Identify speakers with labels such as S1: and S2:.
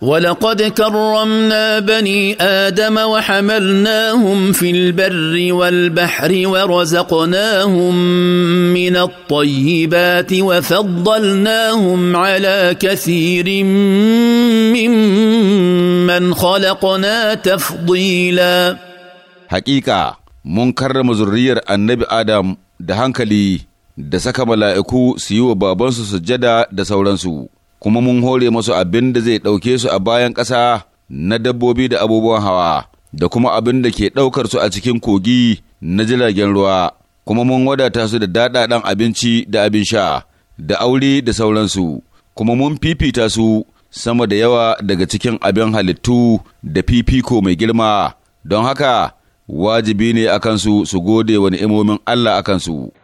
S1: ولقد كرمنا بني ادم وحملناهم في البر والبحر ورزقناهم من الطيبات وفضلناهم على كثير ممن خلقنا تفضيلا
S2: حقيقه mun karrama النبي ادم adam da hankali da saka mala'iku su yi wa kuma mun hore masu abin da zai ɗauke su a bayan ƙasa na dabbobi da abubuwan hawa, da kuma abin da ke ɗaukar su a cikin kogi na jiragen ruwa, kuma mun wadata su da daɗaɗan abinci da abin sha, da aure da sauransu, kuma mun fifita su sama da yawa daga cikin abin halittu da fifiko mai girma, don haka wajibi ne a kansu su gode wa imomin Allah a kansu.